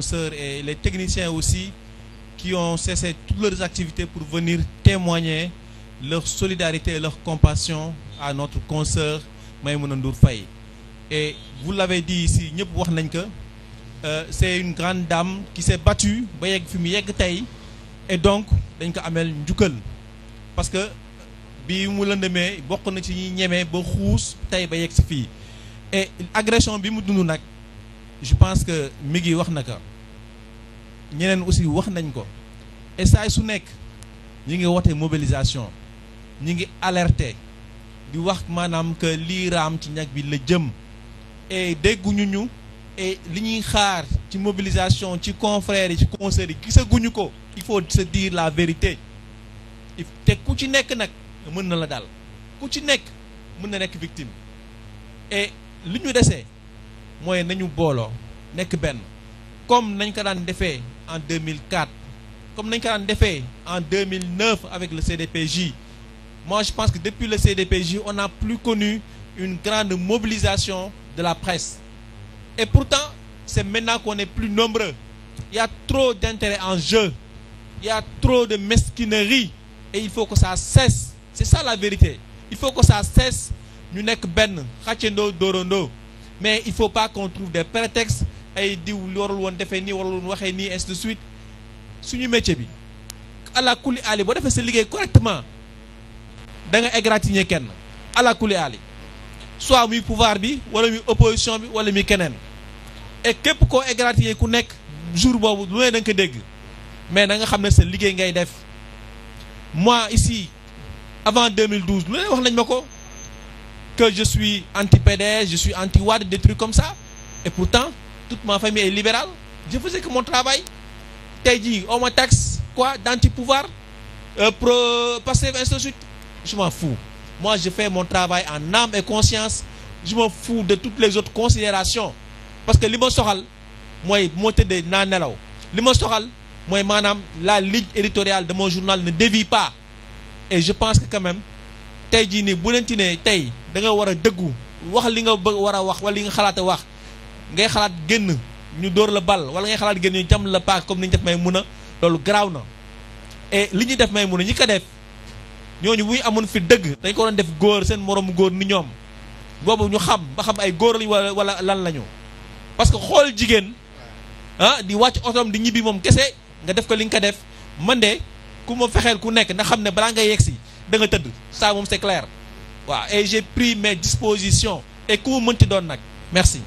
annonceurs et les techniciens aussi qui ont cessé toutes leurs activités pour venir témoigner leur solidarité et leur compassion à notre consoeur Maïmouna Ndour Faye. Et vous di dit ici, ñëpp wax nañ que euh, c'est une grande dame ki s'est battue ba yegg fi mu yegg tey et donc dañ ko ameel njukkal parce que bi mu lëndëmee bokk na ci ñuy ñemee ba xuus tey ba yegg si fii et agression bi mu dund nag je pense que mi ngi wax na ka ñeneen aussi wax nañ ko et su nekk ñi ngi woote mobilisation ñi ngi alerte di wax maanaam que liiraam ci ñag bi la jëm et dégguñu ñu et li ñuy xaar ci mobilisation ci confrères yi ci conseils yi gisaguñu ko il faut se dire la vérité te ku ci nekk nag mën na la daal ku ci nekk mën na nekk victime li ñu desee mooy nañu booloo nekk benn comme nañ ko daan defee en 2004 comme nañ ko daan defee en 2009 avec le CDPJ moi je pense que depuis le CDPJ on n'a plus connu une grande mobilisation de la presse et pourtant c'est maintenant qu'on est plus nombreux il y a trop d'intérêts en jeu il y a trop de mesquinerie et il faut que ça cesse c'est ça la vérité il faut que ça cesse ñu nekk benn xàccandoo dóorandoo mais il faut pas qu'on trouve des prétextes ay diw warul woon defee nii warul woon waxee nii ainsi de suite suñu métier bi ala kuli ali boo defee sa liggéey correctement da nga égratigner kenn ala kuli ali soit muy pouvoir bi wala muy opposition bi wala muy keneen et képp koo égratigner ku nekk jour boobu lu ne da ko dégg mais na nga xam ne sa liggéey ngay def moi ici avant 2012 lu ne wax nañ ma ko. que je suis anti-PDS, je suis anti-WAD, comme ça. Et pourtant, toute ma famille est libérale. Je faisais que mon travail. T'as dit, on me taxe quoi d'anti-pouvoir euh, pour passer ainsi de suite. Je m'en fous. Moi, je fais mon travail en âme et conscience. Je m'en fous de toutes les autres considérations. Parce que l'immosoral, moi, monter de nanelao. L'immosoral, moi, madame, la ligne éditoriale de mon journal ne dévie pas. Et je pense que quand même, tey jii nii bu leen ci ne tey da nga war a dëggu wax li nga bëgg war a wax wala li nga a wax ngay xalaat génn ñu dóor la bal wala ngay xalaat génn ñu jam la paak comme ni ñu def may mun a loolu garaaw na et li ñuy def may mun a def ñooñu bu ñu amoon fi dëgg dañ ko def góor seen moroomu góor ni ñoom boobu ñu xam ba ay góor lañ wala wala lan lañu parce que xool jigéen ah di wàcc otoom di ñibbi moom kese nga def ko li nga ko def man de ku ma fexeel ku nekk na xam ne balaa ngay yegg si da nga tëdd ça moom c'est clair waaw et j'ai pris mes dispositions et ku mu mënti doon nag merci